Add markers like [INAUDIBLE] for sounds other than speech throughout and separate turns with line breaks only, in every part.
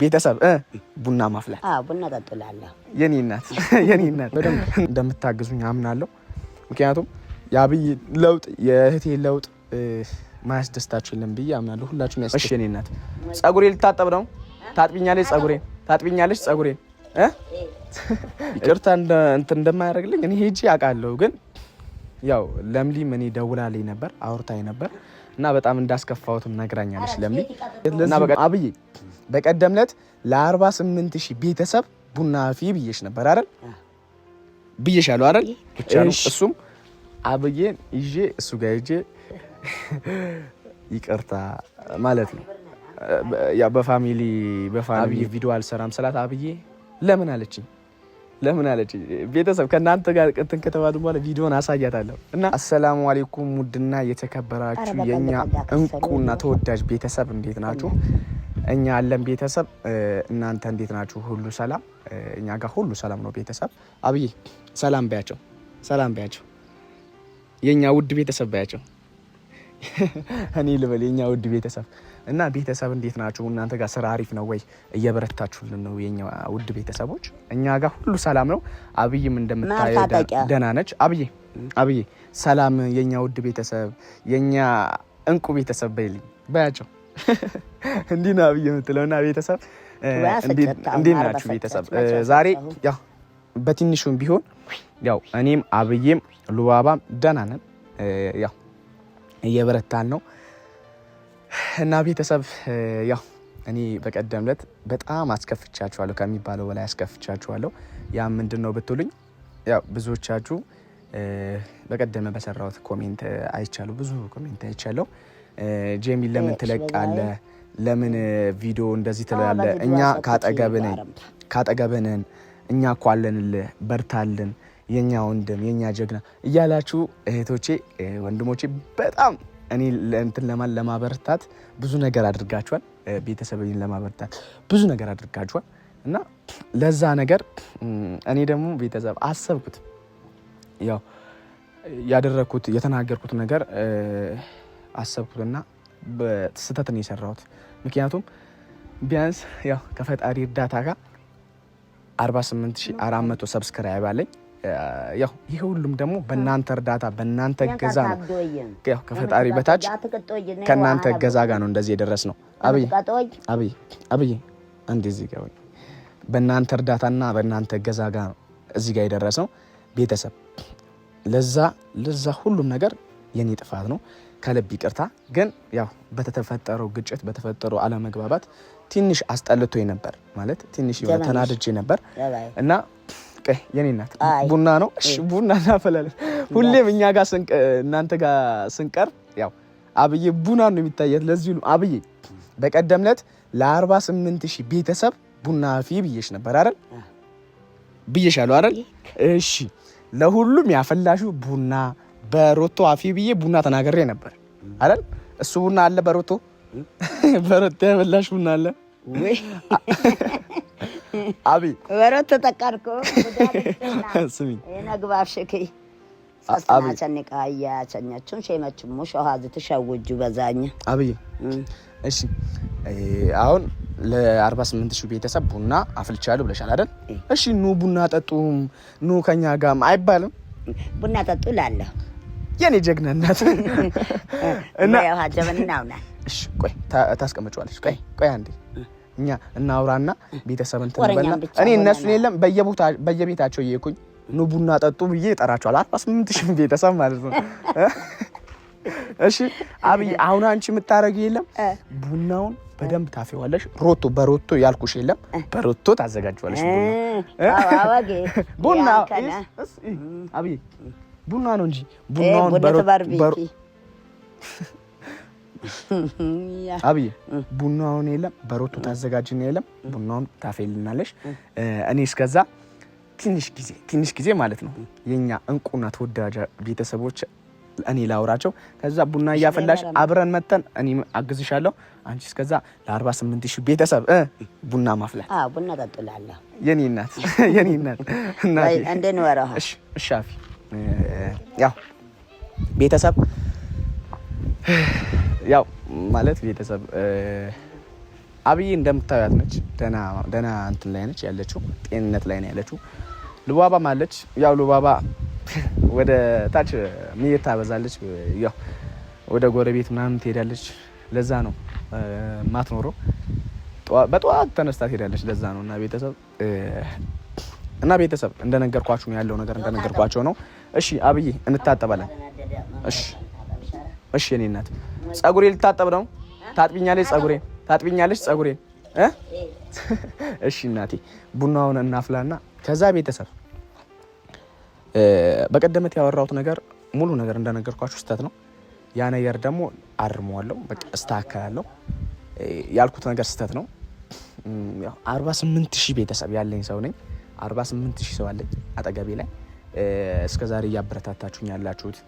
ቤተሰብ ቡና ማፍላት
ቡና ጠጡላለሁ።
የኔ እናት [LAUGHS] የኔ እናት እንደምታግዙኝ አምናለሁ። ምክንያቱም የአብይ ለውጥ የእህቴ ለውጥ ማያስደስታችሁ የለም ብዬ አምናለሁ። ሁላችሁም ያስ የኔ እናት ጸጉሬ ልታጠብ ነው። ታጥቢኛለች፣ ጸጉሬን ታጥቢኛለች፣ ጸጉሬን [LAUGHS] ይቅርታ እንትን እንደማያደርግልኝ እኔ ሄጄ አውቃለሁ። ግን ያው ለምሊም እኔ ደውላልኝ ነበር፣ አውርታኝ ነበር እና በጣም እንዳስከፋሁትም ነግራኛለች። ለሚ እና አብዬ በቀደም ዕለት ለ48 ሺህ ቤተሰብ ቡና ፊ ብዬሽ ነበር አይደል? ብዬሻለሁ አይደል? ብቻ ነው እሱም አብዬን ይዤ እሱ ጋር ይዤ ይቅርታ ማለት ነው በፋሚሊ በፋሚሊ ቪዲዮ አልሰራም ስላት አብዬ ለምን አለችኝ። ለምን አለች ቤተሰብ ከእናንተ ጋር እንትን ከተባሉ በኋላ ቪዲዮን አሳያታለሁ። እና አሰላሙ አሌይኩም ውድና የተከበራችሁ የእኛ እንቁና ተወዳጅ ቤተሰብ እንዴት ናችሁ? እኛ አለን ቤተሰብ፣ እናንተ እንዴት ናችሁ? ሁሉ ሰላም? እኛ ጋር ሁሉ ሰላም ነው ቤተሰብ። አብዬ ሰላም በያቸው፣ ሰላም በያቸው፣ የእኛ ውድ ቤተሰብ በያቸው። [LAUGHS] እኔ ልበል የእኛ ውድ ቤተሰብ እና ቤተሰብ እንዴት ናችሁ? እናንተ ጋር ስራ አሪፍ ነው ወይ? እየበረታችሁልን ነው? የኛ ውድ ቤተሰቦች እኛ ጋር ሁሉ ሰላም ነው። አብይም
እንደምታየው
ደህና ነች። አብይ አብይ፣ ሰላም የኛ ውድ ቤተሰብ የኛ እንቁ ቤተሰብ በይልኝ በያቸው [LAUGHS] እንዲህ ነው አብይ የምትለው እና ቤተሰብ እንዴት ናችሁ ቤተሰብ? ዛሬ ያው በትንሹም ቢሆን ያው እኔም አብዬም ሉባባም ደህና ነን። ያው እየበረታን ነው እና ቤተሰብ ያው እኔ በቀደም ዕለት በጣም አስከፍቻችኋለሁ ከሚባለው በላይ አስከፍቻችኋለሁ። ያ ምንድን ነው ብትሉኝ ያው ብዙዎቻችሁ በቀደመ በሰራሁት ኮሜንት አይቻለሁ፣ ብዙ ኮሜንት አይቻለሁ። ጄሚል ለምን ትለቃለ? ለምን ቪዲዮ እንደዚህ ትላለ? እኛ ካጠገብንን እኛ እኮ በርታልን፣ የኛ ወንድም፣ የኛ ጀግና እያላችሁ እህቶቼ ወንድሞቼ በጣም እኔ እንትን ለማን ለማበረታት ብዙ ነገር አድርጋችኋል። ቤተሰብን ለማበረታት ብዙ ነገር አድርጋችኋል እና ለዛ ነገር እኔ ደግሞ ቤተሰብ አሰብኩት። ያው ያደረግኩት የተናገርኩት ነገር አሰብኩትና ስህተት ነው የሰራሁት። ምክንያቱም ቢያንስ ያው ከፈጣሪ እርዳታ ጋር 48400 ሰብስክራይብ አለኝ። ያው ይሄ ሁሉም ደግሞ በእናንተ እርዳታ በእናንተ እገዛ ነው። ከፈጣሪ በታች ከእናንተ እገዛ ጋር ነው እንደዚህ የደረስ ነው። አብይ አብይ አብይ እንደዚህ ጋር በእናንተ እርዳታና በእናንተ እገዛ ጋር ነው እዚህ ጋር የደረስ ነው። ቤተሰብ ለዛ ለዛ ሁሉም ነገር የኔ ጥፋት ነው። ከልብ ይቅርታ። ግን ያው በተፈጠረው ግጭት በተፈጠረው አለመግባባት ትንሽ አስጠልቶኝ ነበር ማለት ትንሽ ተናድጄ ነበር እና ቀይ የኔ እናት ቡና ነው። እሺ ቡና እናፈላለን። ሁሌም እኛ ጋር እናንተ ጋር ስንቀር ያው አብዬ ቡና ነው የሚታየት። ለዚሁ ነው አብዬ በቀደም ዕለት ለ48 ሺህ ቤተሰብ ቡና ፊ ብዬሽ ነበር አይደል? ብዬሻለሁ አይደል? እሺ ለሁሉም ያፈላሹ ቡና በሮቶ አፊ ብዬ ቡና ተናገሬ ነበር አይደል? እሱ ቡና አለ በሮቶ በሮቶ ያፈላሽ ቡና አለ አቢ
ወሮ ተጠቃርኩ [LAUGHS] ስሚ የነግባር ሽክይ ሰስናቸንቃ እያቸኛችን ሸመችሙ ሸዋዝ ትሸውጁ በዛኝ
አብይ እሺ አሁን ለ48 ሺህ ቤተሰብ ቡና አፍልቻለሁ ብለሻል አይደል? እሺ ኑ ቡና ጠጡም ኑ ከኛ ጋርም አይባልም።
ቡና ጠጡ እላለሁ
የኔ ጀግና እናት
እና ያው ጀበናውና።
እሺ ቆይ ታስቀምጫዋለች። ቆይ ቆይ አንዴ እኛ እናውራና ቤተሰብ እንትን እኔ እነሱን የለም በየቦታ በየቤታቸው እየኩኝ ኑ ቡና ጠጡ ብዬ እጠራቸዋለሁ። አርባ ስምንት ሺህ ቤተሰብ ማለት ነው። [LAUGHS] እሺ አብይ፣ አሁን አንቺ የምታረጊው የለም ቡናውን በደንብ ታፊዋለሽ። ሮቶ በሮቶ ያልኩሽ የለም በሮቶ ታዘጋጅዋለሽ። ቡና [LAUGHS] አብይ ቡና ነው እንጂ
ቡናውን
ቡና [LAUGHS] ቡናውን የለም በሮቱ ነው የለም ቡናውን ታፌልናለሽ። እኔ እስከዛ ትንሽ ጊዜ ትንሽ ጊዜ ማለት ነው የኛ እንቁና ተወዳጅ ቤተሰቦች እኔ ላውራቸው። ከዛ ቡና እያፈላሽ አብረን መተን እኔ አግዝሻለሁ። አንቺ እስከዛ ለ48 ሺህ ቤተሰብ ቡና ማፍላት
ቡና ጠጡላለ።
የኔ እናት [LAUGHS] የኔ እናት ያው ቤተሰብ ያው ማለት ቤተሰብ አብዬ እንደምታዩት ነች። ደህና እንትን ላይ ነች ያለችው፣ ጤንነት ላይ ነው ያለችው። ልባባም አለች። ያው ልባባ [LAUGHS] ወደ ታች ምየት ታበዛለች፣ ያው ወደ ጎረቤት ምናምን ትሄዳለች። ለዛ ነው ማትኖረው፣ በጠዋት ተነስታ ትሄዳለች። ለዛ ነው እና ቤተሰብ እና ቤተሰብ እንደነገርኳችሁ ነው ያለው ነገር እንደነገርኳቸው ነው። እሺ አብዬ እንታጠባለን። እሺ እሺ እኔ እናት ጸጉሬ ልታጠብ ነው። ታጥቢኛለች? ጸጉሬ ታጥቢኛለች? ጸጉሬ [LAUGHS] እሺ እናቴ፣ ቡናውን እናፍላና ከዛ ቤተሰብ በቀደመት ያወራሁት ነገር ሙሉ ነገር እንደነገርኳችሁ ስህተት ነው። ያ ነገር ደግሞ አርመዋለሁ፣ በቃ እስተካከላለሁ። ያልኩት ነገር ስህተት ነው። 48 ሺህ ቤተሰብ ያለኝ ሰው ነኝ። 48 ሺህ ሰው አለኝ አጠገቤ ላይ እስከዛሬ እያበረታታችሁኝ ያላችሁት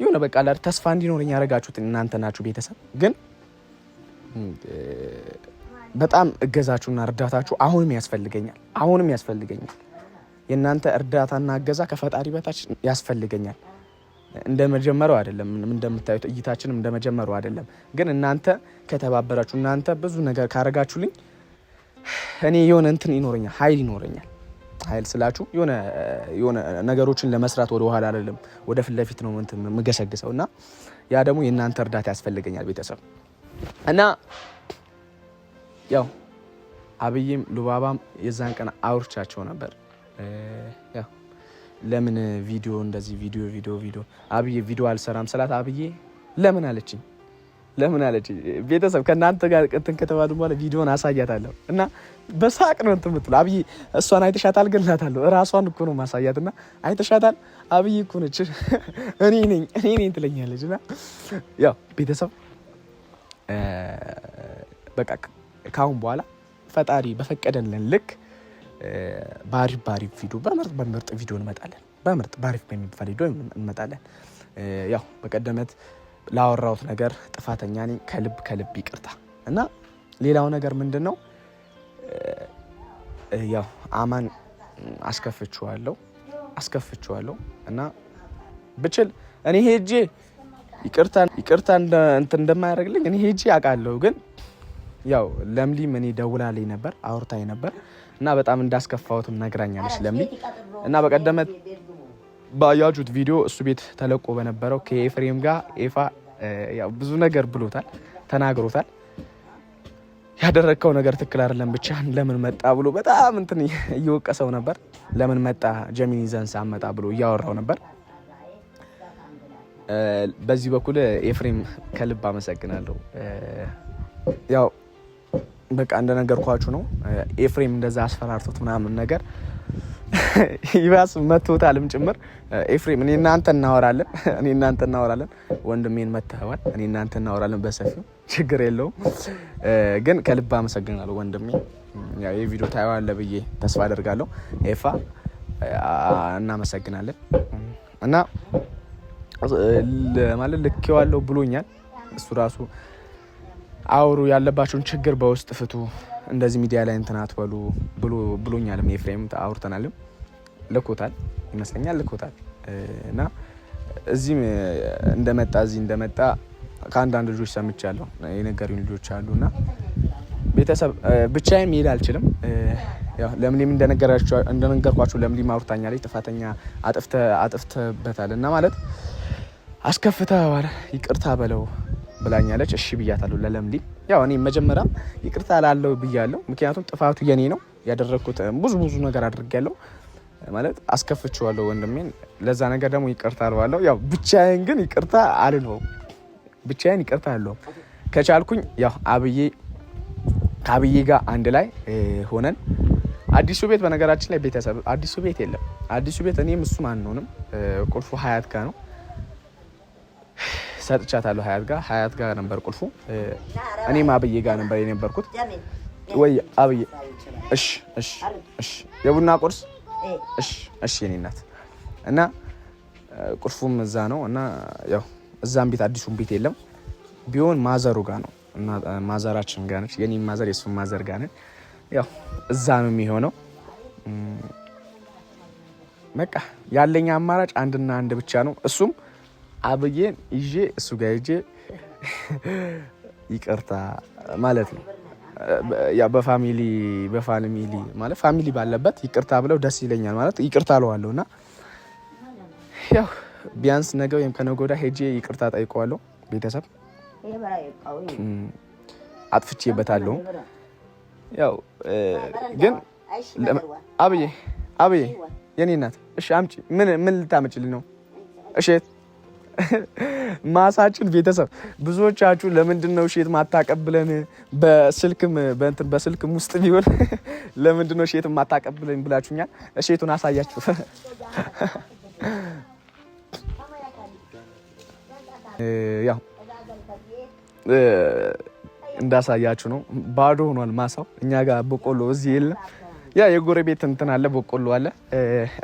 የሆነ በቃ ተስፋ እንዲኖረኝ ያደረጋችሁት እናንተ ናችሁ። ቤተሰብ ግን በጣም እገዛችሁና እርዳታችሁ አሁንም ያስፈልገኛል፣ አሁንም ያስፈልገኛል። የእናንተ እርዳታና እገዛ ከፈጣሪ በታች ያስፈልገኛል። እንደ መጀመሪያው አይደለም፣ እንደምታዩት እይታችንም እንደ መጀመሪያው አይደለም። ግን እናንተ ከተባበራችሁ፣ እናንተ ብዙ ነገር ካረጋችሁልኝ እኔ የሆነ እንትን ይኖረኛል፣ ሀይል ይኖረኛል። ኃይል ስላችሁ የሆነ ነገሮችን ለመስራት ወደ ኋላ አይደለም፣ ወደ ፊት ለፊት ነው የምገሰግሰው እና ያ ደግሞ የእናንተ እርዳታ ያስፈልገኛል ቤተሰብ እና ያው አብይም ሉባባም የዛን ቀን አውርቻቸው ነበር። ለምን ቪዲዮ እንደዚህ ቪዲዮ ቪዲዮ ቪዲዮ አብዬ ቪዲዮ አልሰራም ስላት አብዬ ለምን አለችኝ። ለምን አለች ቤተሰብ ከእናንተ ጋር እንትን ከተባሉ በኋላ ቪዲዮን አሳያታለሁ እና በሳቅ ነው እንትን የምትለው አብይ እሷን አይተሻታል ገላታለሁ እራሷን እኮ ነው ማሳያት እና አይተሻታል አብይ እኮ ነች [LAUGHS] እኔ ነኝ እኔ ነኝ ትለኛለች እና ያው ቤተሰብ በቃ ካሁን በኋላ ፈጣሪ በፈቀደልን ልክ በአሪፍ በአሪፍ ቪዲዮ በምርጥ በምርጥ ቪዲዮ እንመጣለን። በምርጥ በአሪፍ በሚባል ቪዲዮ እንመጣለን። ያው በቀደመት ላወራሁት ነገር ጥፋተኛ ነኝ። ከልብ ከልብ ይቅርታ እና ሌላው ነገር ምንድን ነው ያው አማን አስከፍችዋለሁ አስከፍችዋለሁ እና ብችል እኔ ሄጄ ይቅርታ እንትን እንደማያደርግልኝ እኔ ሄጄ አውቃለሁ። ግን ያው ለምሊም እኔ ደውላልኝ ነበር አውርታኝ ነበር እና በጣም እንዳስከፋሁትም ነግራኛለች ለምሊ እና በቀደመት ባያችሁት ቪዲዮ እሱ ቤት ተለቆ በነበረው ከኤፍሬም ጋር ኤፋ ብዙ ነገር ብሎታል፣ ተናግሮታል። ያደረግከው ነገር ትክክል አይደለም፣ ብቻ ለምን መጣ ብሎ በጣም እንትን እየወቀሰው ነበር። ለምን መጣ ጀሚኒ ይዘን ሳመጣ ብሎ እያወራው ነበር። በዚህ በኩል ኤፍሬም ከልብ አመሰግናለሁ። ያው በቃ እንደነገርኳችሁ ነው። ኤፍሬም እንደዛ አስፈራርቶት ምናምን ነገር ይባስ መቶታልም ጭምር ኤፍሬም፣ እኔ እናንተ እናወራለን፣ እኔ እናንተ እናወራለን። ወንድሜን መተዋል፣ እኔ እናንተ እናወራለን በሰፊው ችግር የለውም። ግን ከልብ አመሰግናለሁ ወንድሜ። ይህ ቪዲዮ ታየዋለህ ብዬ ተስፋ አደርጋለሁ። ኤፋ እናመሰግናለን እና ማለት ልኬዋለሁ ብሎኛል እሱ ራሱ አውሩ ያለባቸውን ችግር በውስጥ ፍቱ እንደዚህ ሚዲያ ላይ እንትን አትበሉ ብሎኛልም ኤፍሬም አውርተናልም ልኮታል ይመስለኛል ልኮታል እና እዚህም እንደመጣ እዚህ እንደመጣ ከአንዳንድ ልጆች ሰምቻለሁ የነገሩኝ ልጆች አሉ እና ቤተሰብ ብቻዬን መሄድ አልችልም። ለምሊም እንደነገርኳቸው ለምሊም አውርታኛ ላይ ጥፋተኛ አጥፍተበታል እና ማለት አስከፍተ ይቅርታ በለው ብላኛለች። እሺ ብያታለሁ ለለምሊም ያው እኔ መጀመሪያም ይቅርታ ላለው ብያለሁ። ምክንያቱም ጥፋቱ የኔ ነው። ያደረግኩት ብዙ ብዙ ነገር አድርጌያለሁ ማለት አስከፍቼዋለሁ ወንድሜን። ለዛ ነገር ደግሞ ይቅርታ አልባለሁ። ያው ብቻዬን ግን ይቅርታ አልለውም። ብቻዬን ይቅርታ አልለውም። ከቻልኩኝ ያው አብዬ ከአብዬ ጋር አንድ ላይ ሆነን አዲሱ ቤት በነገራችን ላይ ቤተሰብ አዲሱ ቤት የለም። አዲሱ ቤት እኔም እሱም አንሆንም። ቁልፉ ሀያት ጋ ነው ሰጥቻታለሁ ሀያት ጋር ሀያት ጋር ነበር ቁልፉ። እኔም አብዬ ጋር ነበር የነበርኩት። ወይ አብዬ፣ እሺ፣ እሺ፣ እሺ፣ የቡና ቁርስ እሺ፣ እሺ፣ የኔ እናት እና ቁልፉም እዛ ነው እና ያው እዛም ቤት አዲሱም ቤት የለም ቢሆን ማዘሩ ጋር ነው ማዘራችን ጋር ነች። የኔ ማዘር የሱን ማዘር ጋር ነች። ያው እዛ ነው የሚሆነው። በቃ ያለኝ አማራጭ አንድና አንድ ብቻ ነው። እሱም አብዬን ይዤ እሱ ጋር ሄጄ ይቅርታ ማለት ነው። በፋሚሊ በፋሚሊ ማለት ፋሚሊ ባለበት ይቅርታ ብለው ደስ ይለኛል ማለት ይቅርታ አለዋለሁ እና ያው ቢያንስ ነገ ወይም ከነጎዳ ሄጄ ይቅርታ ጠይቀዋለሁ። ቤተሰብ አጥፍቼበታለሁ። ያው ግን አብዬ አብዬ የኔ እናት እሺ፣ አምጪ ምን ምን ልታመጪልኝ ነው እሺ? ማሳችን ቤተሰብ ብዙዎቻችሁ ለምንድን ነው ሼት ማታቀብለን? በስልክም በእንትን በስልክም ውስጥ ቢሆን [LAUGHS] ለምንድን ነው ሼት ማታቀብለን ብላችሁኛል። ሼቱን አሳያችሁ። [LAUGHS] ያው እንዳሳያችሁ ነው። ባዶ ሆኗል ማሳው። እኛ ጋር በቆሎ እዚህ የለም። ያ የጎረቤት እንትን አለ በቆሎ አለ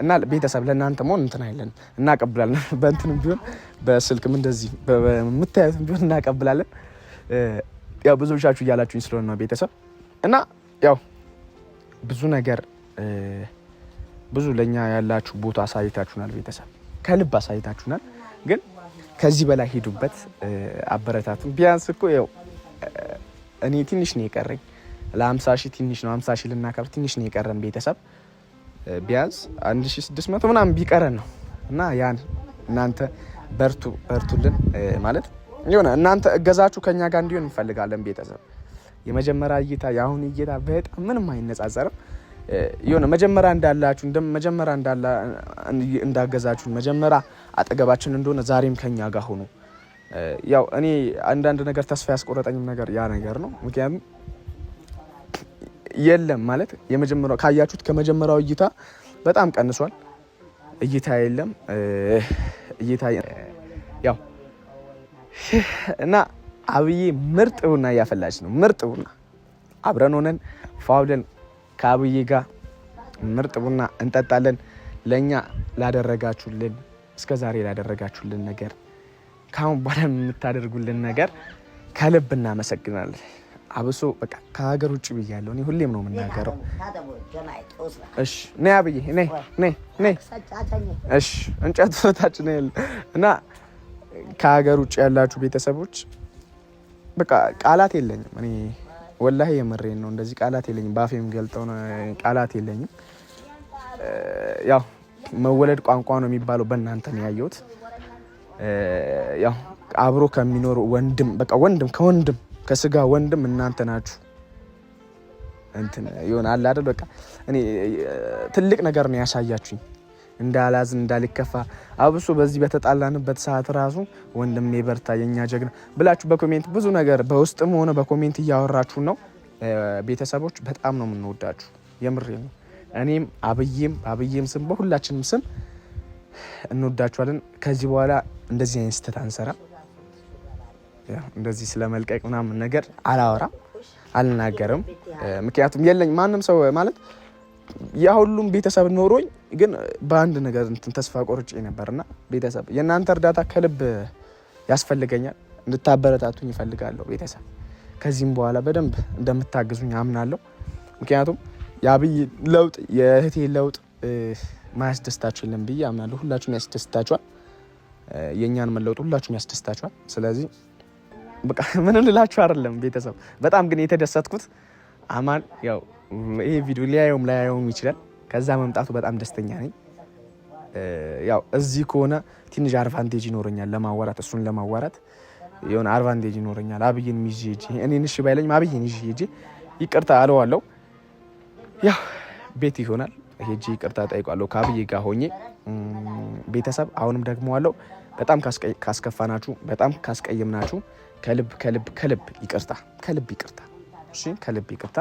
እና ቤተሰብ ለእናንተ መሆን እንትን አይለን እናቀብላለን። [LAUGHS] በእንትንም ቢሆን በስልክም እንደዚህ በምታዩትም ቢሆን እናቀብላለን። ያው ብዙዎቻችሁ እያላችሁኝ ስለሆነ ነው ቤተሰብ እና ያው ብዙ ነገር ብዙ ለእኛ ያላችሁ ቦታ አሳይታችሁናል። ቤተሰብ ከልብ አሳይታችሁናል። ግን ከዚህ በላይ ሄዱበት፣ አበረታቱን። ቢያንስ እኮ ያው እኔ ትንሽ ነው የቀረኝ ለ50 ሺህ ትንሽ ነው። 50 ሺህ ልናከብር ትንሽ ነው የቀረን ቤተሰብ ቢያንስ 1600 ምናምን ቢቀረን ነው እና ያን እናንተ በርቱ በርቱልን ማለት የሆነ እናንተ እገዛችሁ ከኛ ጋር እንዲሆን እንፈልጋለን ቤተሰብ። የመጀመሪያ እይታ የአሁን እይታ በጣም ምንም አይነጻጸርም። የሆነ መጀመሪያ እንዳላችሁ እንደ መጀመሪያ እንዳገዛችሁ መጀመሪያ አጠገባችን እንደሆነ ዛሬም ከኛ ጋር ሆኑ። ያው እኔ አንዳንድ ነገር ተስፋ ያስቆረጠኝም ነገር ያ ነገር ነው። ምክንያቱም የለም ማለት የመጀመሪያው ካያችሁት ከመጀመሪያው እይታ በጣም ቀንሷል። እይታ የለም እይታ ያው እና አብዬ ምርጥ ቡና እያፈላች ነው። ምርጥ ቡና አብረን ሆነን ፋውለን ከአብዬ ጋር ምርጥ ቡና እንጠጣለን። ለእኛ ላደረጋችሁልን እስከ ዛሬ ላደረጋችሁልን ነገር ከአሁን በኋላ የምታደርጉልን ነገር ከልብ እናመሰግናለን። አብሶ በቃ ከሀገር ውጭ ብያለሁ። እኔ ሁሌም ነው የምናገረው። እሺ ነይ አብዬ ነይ ነይ ነይ። እሺ እንጨት በታች ነው ያለ እና ከሀገር ውጭ ያላችሁ ቤተሰቦች በቃ ቃላት የለኝም። እኔ ወላሂ የምሬን ነው። እንደዚህ ቃላት የለኝም። ባፌም ገልጠው ቃላት የለኝም። ያው መወለድ ቋንቋ ነው የሚባለው። በእናንተ ነው ያየሁት። ያው አብሮ ከሚኖር ወንድም በቃ ወንድም ከወንድም ከስጋ ወንድም እናንተ ናችሁ። እንትን ይሆን አለ አይደል? በቃ እኔ ትልቅ ነገር ነው ያሳያችሁኝ፣ እንዳላዝን እንዳልከፋ። አብሶ በዚህ በተጣላንበት ሰዓት ራሱ ወንድሜ በርታ፣ የኛ ጀግና ብላችሁ በኮሜንት ብዙ ነገር በውስጥም ሆነ በኮሜንት እያወራችሁ ነው። ቤተሰቦች በጣም ነው የምንወዳችሁ፣ የምሬ ነው። እኔም አብዬም አብዬም ስም በሁላችንም ስም እንወዳችኋለን። ከዚህ በኋላ እንደዚህ አይነት ስህተት አንሰራ እንደዚህ ስለ መልቀቅ ምናምን ነገር አላወራም፣ አልናገርም። ምክንያቱም የለኝ ማንም ሰው ማለት ያ ሁሉም ቤተሰብ ኖሮኝ ግን በአንድ ነገር እንትን ተስፋ ቆርጬ ነበርና ቤተሰብ የእናንተ እርዳታ ከልብ ያስፈልገኛል። እንድታበረታቱኝ ይፈልጋለሁ ቤተሰብ። ከዚህም በኋላ በደንብ እንደምታግዙኝ አምናለሁ። ምክንያቱም የአብይ ለውጥ የእህቴ ለውጥ ማያስደስታችሁ የለም ብዬ አምናለሁ። ሁላችሁም ያስደስታችኋል። የእኛን መለውጥ ሁላችሁም ያስደስታችኋል። ስለዚህ በቃ [LAUGHS] ምንም ልላችሁ አይደለም ቤተሰብ። በጣም ግን የተደሰትኩት አማን ያው ይሄ ቪዲዮ ሊያየውም ላያየውም ይችላል። ከዛ መምጣቱ በጣም ደስተኛ ነኝ። ያው እዚህ ከሆነ ትንሽ አድቫንቴጅ ይኖረኛል ለማዋራት እሱን ለማዋራት የሆነ አድቫንቴጅ ይኖረኛል። አብይን ይዤ ሂጄ እኔን እሺ ባይለኝም አብይን ይዤ ሂጄ ይቅርታ አለዋለሁ። ያው ቤት ይሆናል ሄጄ ይቅርታ ጠይቋለሁ ከአብይ ጋር ሆኜ ቤተሰብ። አሁንም ደግሞ አለው በጣም ካስከፋናችሁ፣ በጣም ካስቀየምናችሁ ከልብ ከልብ ከልብ ይቅርታ ከልብ ይቅርታ ከልብ ይቅርታ